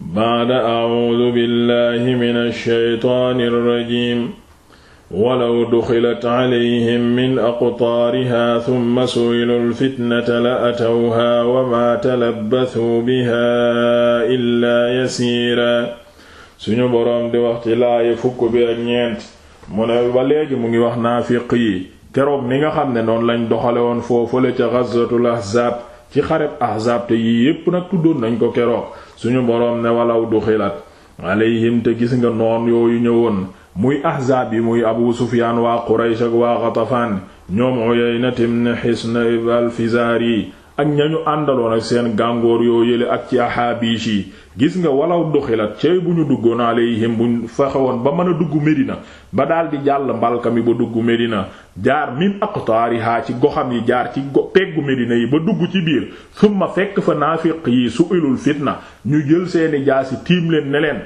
baada acuudu billahi min alsheytaani alrajim walaw duxilat calayhim min aqtaariha summa su'ilu alfitnata la atowha wa maa talabbasuu biha illaa yasiira suñu boroom di wax ci laaye fukk bi ak ñeent mu ne ba léegi mu ngi wax naafiq yi keroog ni nga xam ne noonu lañ doxale woon foofale ca gazwatul ahzaab ci xareb ahzaab te yii yépp nag tuddoon nañ ko keroog suñu boroom ne walaw duxilat alayhim te gis nga noon yooyu ñëwoon muy ahzaab yi muy abu sufyaan waa quraysh ak waa xatafaan ñoom uyayna ibn hisn al yi ak ñañu àndaloon ak seen gàngoor yoo yële ak ci ahaabish yi gis nga walaw duxilat cey bu ñu duggoon alayhim buñ fexe woon ba mën a dugg Medina ba daldi jàll mbalka mi ba dugg Medina jaar min aqtaariha ci goxam yi jaar ci peggu Medina yi ba dugg ci biir ma fekk fa naafiq yi su ilul fitna ñu jël seeni jaasi tiim leen ne leen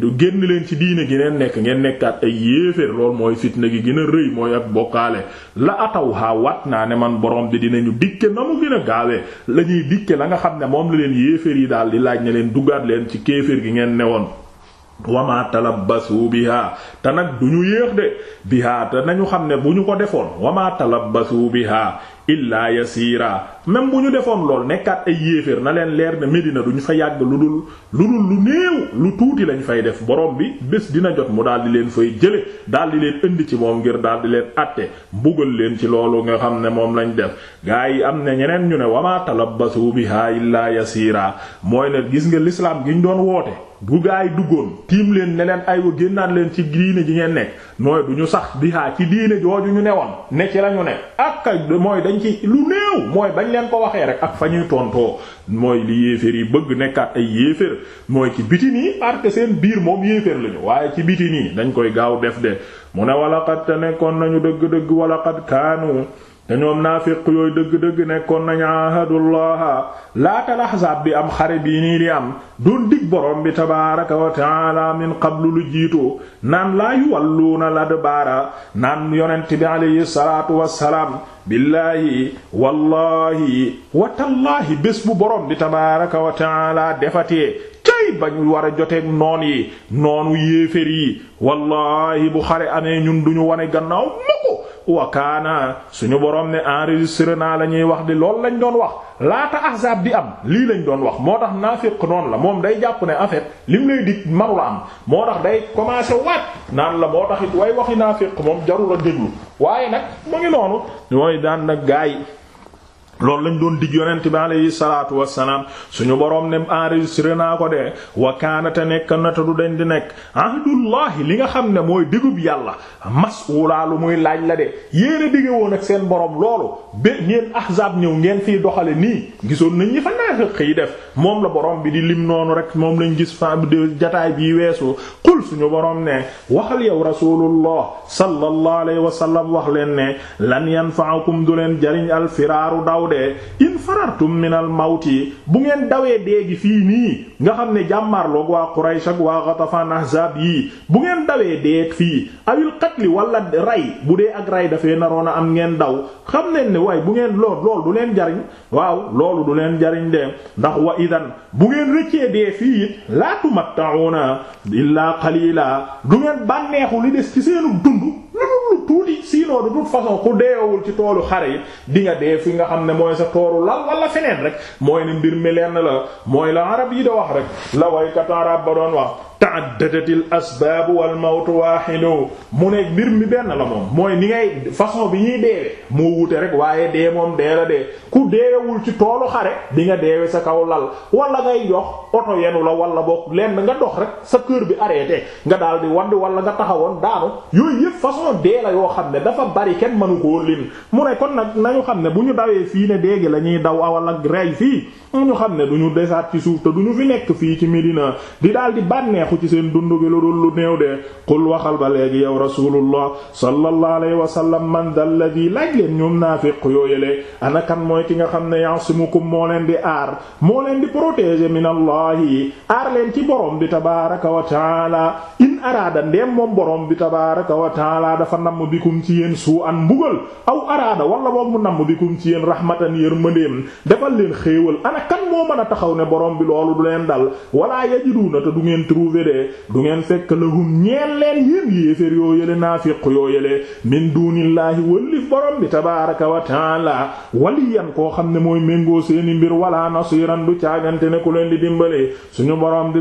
du génn leen ci diine gi neen nekk ngeen nekkaat ay yéeféer lool mooy fitna gi gën a rëy mooy ak bokkaale la ataw haa wat naa ne man borom bi ñu dikke na mu gën a gaawee lañuy dikke la nga xam ne moom la leen yéeféer yi daal di laaj ne leen duggaat leen ci kéeféer gi ngeen newoon wama talabbasu biha te nag du ñu yéex de biha te nañu xam ne bu ñu ko defoon wama talabbasu biha illaa yasiira même bu ñu defoon lool nekkaat ay yéeféer na leen leer ne Medina duñu fa yàgg lu dul lu dul lu néew lu tuuti lañu fay def borom bi bés dina jot mu daal di leen fay jële daal di leen indi ci moom ngir daal di leen àtte mbugal leen ci loolu nga xam ne moom lañ def gaa yi am na ñeneen ñu ne wama talabbasu biha illa yasiira mooy ne gis nga lislaam gi ñu doon woote bu gaa yi duggoon tiim leen ne leen aywa génnaat leen ci diine ji ngeen nekk mooy du ñu sax biha ci diine jooju ñu ne ci dañ ci leen ko waxee rek ak fa ñuy tontoo mooy li yéeféer yi bëgg nekkaat ay yéeféer mooy ci biti nii parce seen biir moom yéeféer lañu waaye ci biti nii dañ koy gaaw def de mu ne wala xat te nekkoon nañu dëgg-dëgg wala xat kaanu te ñoom naafiq yooyu dëgg-dëgg nekkoon nañu ahadullaha laata laxsaab bi am xare bii nii di am doon dig borom bi tabaaraka wa taala min qablu lu jiitoo naan laa yuwalluuna ladbaara naan yonent bi alayhi salaatu wassalaam billaahi wallaahi watallaahi bés bu borom bi tabaaraka wa taala defatee cay bañu war a joteeg noon yi noonu yéefér yi wallaahi bu xare amee ñun duñu wane gannaaw mukk wakaana suñu borom ne enregistré naa la ñuy wax di lool lañ doon wax laata ahzaab di am lii lañ doon wax moo tax naafiq noonu la moom day jàpp ne en fait lim lay dig maru la am moo tax day commencé waat naan la moo tax it way waxi naafiq moom jarul a déglu waaye nag mu ngi noonu mooy daan nag gaay loolu lañ doon dig yonent bi alayhi salaatu wassalaam suñu boroom ne enregistré naa ko de wa kaanate nekk nata du dañ di nekk ahdullahi li nga xam ne mooy digub yàlla mas mas'uula lu muy laaj la de yéena dige woon ak seen boroom loolu ba ngeen ahzaab ñëw ngeen fii doxale nii gisoon nañ ñi fa naafiq yi def moom la boroom bi di lim noonu rek moom lañ gis fa jataay bii weesu qul suñu boroom ne waxal yow rasulullah sallallahu alayhi wa sallam wax leen ne lan yanfa'akum du leen daw dee in farartum minal mawti bu ngeen dawee dee gi fii nii nga xam ne jàmmarloog waa Quraysh ak waa Ghatafan ahzab yii bu ngeen dawee dee fii awil qatli wala rey bu dee ak rey dafee naroon a am ngeen daw xam ne ni way bu ngeen lool lool du leen jariñ waaw loolu du leen jariñ de ndax wa idan bu ngeen rëccee dee fii it laa tumatta'una illaa qalila du ngeen bànneexu li des ci seenu dund lu tuuti sinon de toute façon ku deewul ci toolu xare yi di nga dee fi nga xam ne mooy sa tooru lal wala feneen rek mooy ne mbir mi lenn la mooy la arab yi da wax rek la waykat arab ba doon wax ta'addadatil asbaab wal mawtu waahidu mu ne mbir mi benn la moom mooy ni ngay façon bi ñuy deewe moo wute rek waaye dee moom dee la dee ku deewewul ci toolu xare di nga deewe sa kaw lal wala ngay jox oto yenu la wala boog lenn nga dox rek sa kër bi arrêté nga daal di wadd wala nga taxawoon daanu yooyu yëpp façon dee la yoo xam ne dafa bari kenn mënu koo lim mu ne kon nag nañu xam ne bu ñu dawee fii ne déegi la ñuy daw awal ak rey fii ñu xam ne du ñu desaat ci suuf te du ñu nekk fii ci Medina di daal neexu ci seen dund gi lu dul lu néew de qul waxal ba léegi yow rasulullah sallallahu alayhi wa sallam man dal ladhi laaj leen ñoom naafiq yooyale ana kan mooy ki nga xam ne ya'simukum moo leen di aar moo leen di protéger min allahi aar leen ci borom bi tabaaraka wa ta'ala araada ndeem moom borom bi tabaaraka wa taala dafa namm bikum ci yéen suu an mbugal aw araada wala boog mu namm bikum ci yéen rahmatan yërmandeem defal leen xéewal ana kan moo mën a taxaw ne borom bi loolu du leen dal wala yajiduna te du ngeen trouver de du ngeen fekk lahum ñeel leen yéen yéeféer yoo yële naafiq yoo yële min dunillahi wëllif borom bi tabaaraka wa taala waliyan koo xam ne mooy méngoo seeni mbir wala nasiran du caagante ne ku leen di dimbale suñu borom di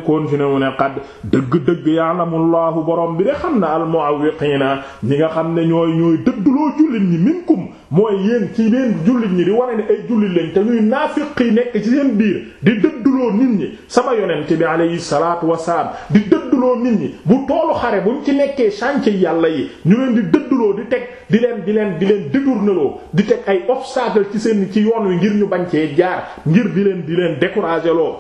waaw borom bi de xam na almuawwiqiina ñi nga xam ne ñooy ñooy dëdduloo jullit ñi minkum mooy yéen ci leen jullit ñi di wane ne ay jullit lañ te ñuy naafiqi nekk ci seen biir di dëdduloo nit ñi sama yonent bi alayhi salaatu wassalaam di dëdduloo nit ñi bu toolu xare bu mu ci nekkee chantier yàlla yi ñu leen di dëdduloo di teg di leen di leen di leen détourneloo di teg ay obstacle ci seen ci yoon wi ngir ñu bañ cee jaar ngir di leen di leen décourager loo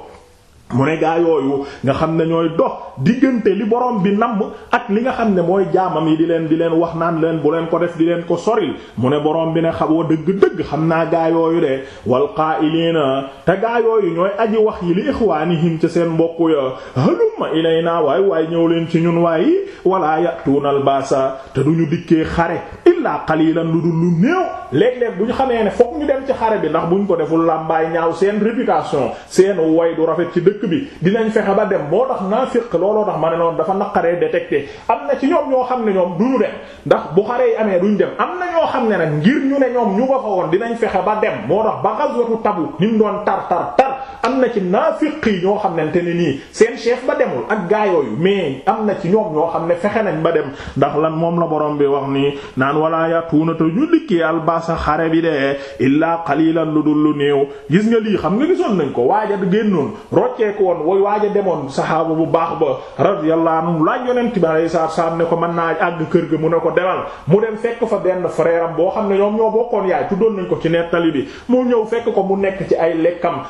mu ne gaa yooyu nga xam ne ñooy dox diggante li borom bi namb ak li nga xam ne mooy jaamam yi di leen di leen wax naan leen bu leen ko def di leen ko soril mu ne boroom bi ne xam wa dëgg-dëgg xam naa gaa yooyu de wal qaa'iliina te gaa yooyu ñooy aji wax yi li ixwaanihim ca seen mbokk ya halumma ilaynaa waay waaye ñëw leen ci ñun waay yi walaa ya'tuunal baasa te ñu dikkee xare illaa qaliilan lu dul lu néew léeg-léeg bu ñu xamee ne fokk ñu dem ci xare bi ndax buñ ko deful làmbaay ñaaw seen réputation seen way du rafet ci dëkk dëkk bi dinañ fexe ba dem moo tax naafiq looloo tax ma ne noonu dafa naqaree détecté am na ci ñoom ñoo xam ne ñoom duñu dem ndax bu xare yi amee duñ dem am na ñoo xam ne nag ngir ñu ne ñoom ñu nga fa woon dinañ fexe ba dem moo tax ba gazwatu Tabuk ni mu doon tar tar am na ci naafiq yi ñoo xamante ne nii seen chef ba demul ak gaa yooyu mais am na ci ñoom ñoo xam ne fexe nañ ba dem ndax lan moom la borom bi wax nii naan wala yatuuna te ñu dikkee albasa xare bi de illaa qalilan lu dul lu néew gis nga lii xam nga gisoon nañ ko waaja génnoon rocceeku woon way waaja demoon saxaaba bu baax ba radiyallahu anhu laaj yonent bi alayhi salaatu salaam ne ko mën naa àgg kër ga mu ne ko demal mu dem fekk fa benn frère boo xam ne ñoom ñoo bokkoon yaay tuddoon nañ ko ci nettali bi mu ñëw fekk ko mu nekk ci ay lekkam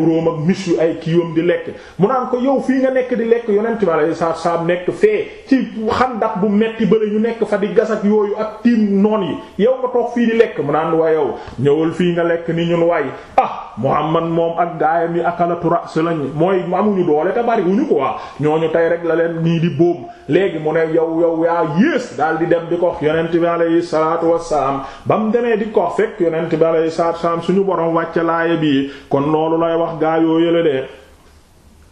buróom ak mis yu ay kiiwam di lekk mu naan ko yow fii nga nekk di lekk yonent bi alayhi salaatu salaam nekk fee ci xandax bu metti bële ñu nekk fa di gas ak yooyu ak tiim noon yi yow nga toog fii di lekk mu naan waa yow ñëwal fii nga lekk ni ñun waay ah Muhammad moom ak gaayam yi akalatu ra's lañu mooy amuñu doole te bari wuñu quoi ñooñu tey rek la leen nii di bóom léegi mu ne yow yow yaa yées daal di dem di ko wax yonent bi alayhi salaatu wassalaam ba mu demee di ko fekk yonent bi alayhi salaatu wassalaam suñu borom wàcce laaya bi kon loolu lay wax wax yoo yële de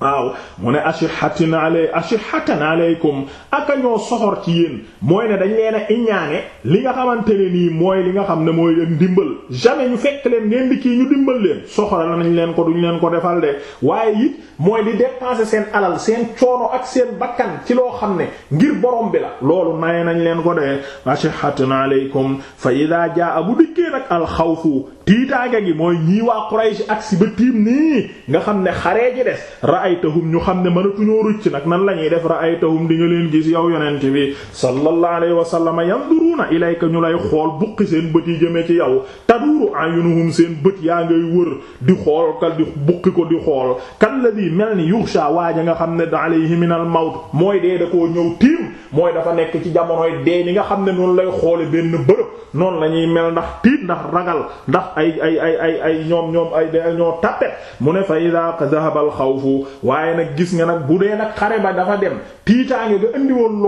waaw mu ne ashihatin alay ashihatan alaykum aka ñoo soxor ci yéen mooy ne dañ leen a iñaane li nga xamante ne nii mooy li nga xam ne mooy dimbal jamais ñu fekk leen ngeen di kii ñu dimbal leen soxora nañ leen ko duñ leen ko defal waaye it mooy di dépenser seen alal seen coono ak seen bakkan ci loo xam ne ngir borom bi la loolu naye nañ leen ko de ashihatin alaykum fa ida jaa bu dikkee nag alxawfu tiitaange gi mooy ñii waa Quraysh aksi ba tiim nii nga xam ne xaree ji des ra'aytahum ñu xam ne mënatuñoo rucc nag nan la ñuy def ra'aytahum di nga leen gis yow yonent bi sallallahu alayhi wa sallam yanzuru yanzuruna ilayka ñu lay xool buqi seen bët yi jëmee ci yow taduuru ayunuhum seen bët yaa ngay wër di xool ka di buqi ko di xool kan la kalladi mel ni yuxsha waaja nga xam ne alayhi min al mawt mooy dee da koo ñëw tiim mooy dafa nekk ci jamonoy dee ni nga xam ne noonu lay xoole benn bërëb noonu la ñuy mel ndax tiit ndax ragal ndax ay ay ay ay ay ñoom ñoom ay da ñoo tappet mu ne fa ida dhahaba xaw xawfu waaye nag gis nga nag bu dee nag xare ba dafa dem tiitaange nga indi woon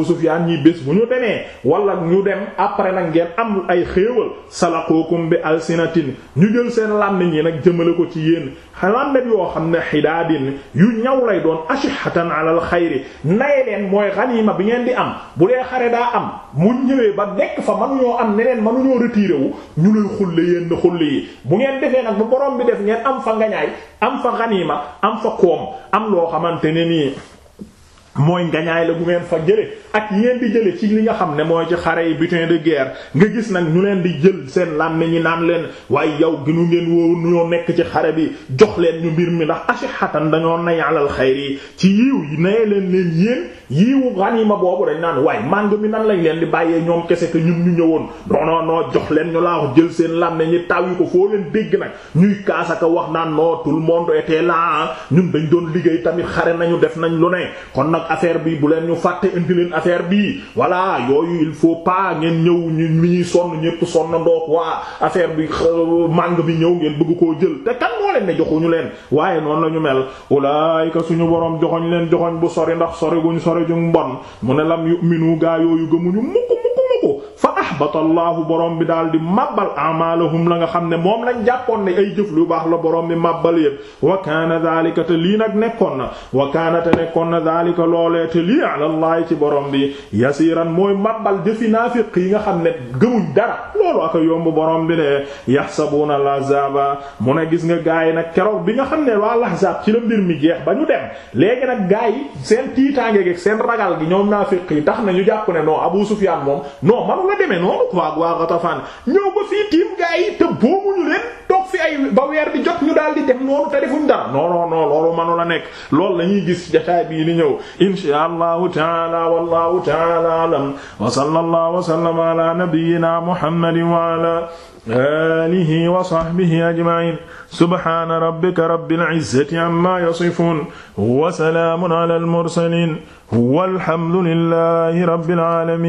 Abu Sufyaan ñi bu ñu demee wala ñu dem après nag ngeen am ay xéewal salaqukum bi alsinatin ñu jël seen làmmiñ yi nag jëmale ko ci yéen làmmiñ yoo xam ne xidaadin yu ñaw lay doon ashihatan ala al xayri naye leen mooy xaniima bi ngeen di am bu dee xare daa am mu ñëwee ba nekk fa mënuñoo am neneen mënuñoo retiré wu ñu lay xulle yéen na yi bu ngeen defee nag bu borom bi def ngeen am fa ngañaay am fa xaniima am fa koom am loo xamante ne nii mooy ngañaay la bu ngeen fa jële ak yeen di jële ci li nga xam ne mooy ci xare yi butin de guerre nga gis nag ñu leen di jël seen làmme ñi naan leen waaye yow ginu ngeen woowu ñoo nekk ci xare bi jox leen ñu mbir mi ndax ashihatan dañoo nay alal xayr yi ci yiiw yi naye leen leen yéen yiiwu ganima boobu dañ naan waaye màng mi nan lañ leen di bàyyee ñoom kese ñun ñu ñëwoon non non non jox leen ñu laa wax jël seen làmme ñi taw yi ko foo leen dégg nag ñuy kaasaka wax naan non tout le monde était là ah, ñun dañ doon liggéey tamit xare nañu def nañ lu ne kon nag affaire bi bu leen ñu fàtte indi leen affaire bi voilà yooyu il faut pas ngeen ñëw ñu ñuy sonn ñëpp sonn ndoog waa affaire bi euh, màng bi ñëw ngeen bëgg koo jël te kan moo leen ne joxuñu leen waaye noonu la ñu mel ulaayika suñu borom joxoñ leen joxoñ bu sori ndax sori guñ sori ju mbon mu ne lam yu'minu gaa yooyu gëmuñu mukk ahbatallahu borom bi daal di màbbal amalahum la nga xam ne moom lañ jàppoon ne ay jëf lu baax la borom bi màbbal yépp wa kaana daalika te lii nag nekkoon na wa kaana te nekkoon na daalika loolee te lii ala allah ci borom bi yasiran mooy màbbal jëfi naafiq yi nga xam ne gëmuñ dara loolu ak yomb borom bi de yahsabuna al-ahzaba mu gis nga gaa yi nag keroog bi nga xam ne waa al-ahzab ci la mbir mi jeex ba ñu dem léegi nag gaa yi seen tiitaange gi seen ragal gi ñoom naafiq yi tax na ñu jàpp ne non Abu Sufyan moom non manu la noonu quoi waa Ghatafan ñëw fii tiim gaa yi te boobu ñu leen fi ay ba weer bi jot ñu daal di def noonu te defuñ dara non non non loolu manu la nekk loolu la ñuy gis jotaay bii di ñëw insha allahu taala wallahu taala alam wa sallallahu wa sallama ala nabiyyina muhammadin wa ala alihi wa sahbihi ajma'in subhana rabbika rabbil izzati amma yasifun wa salamun ala al mursalin walhamdulillahi rabbil alamin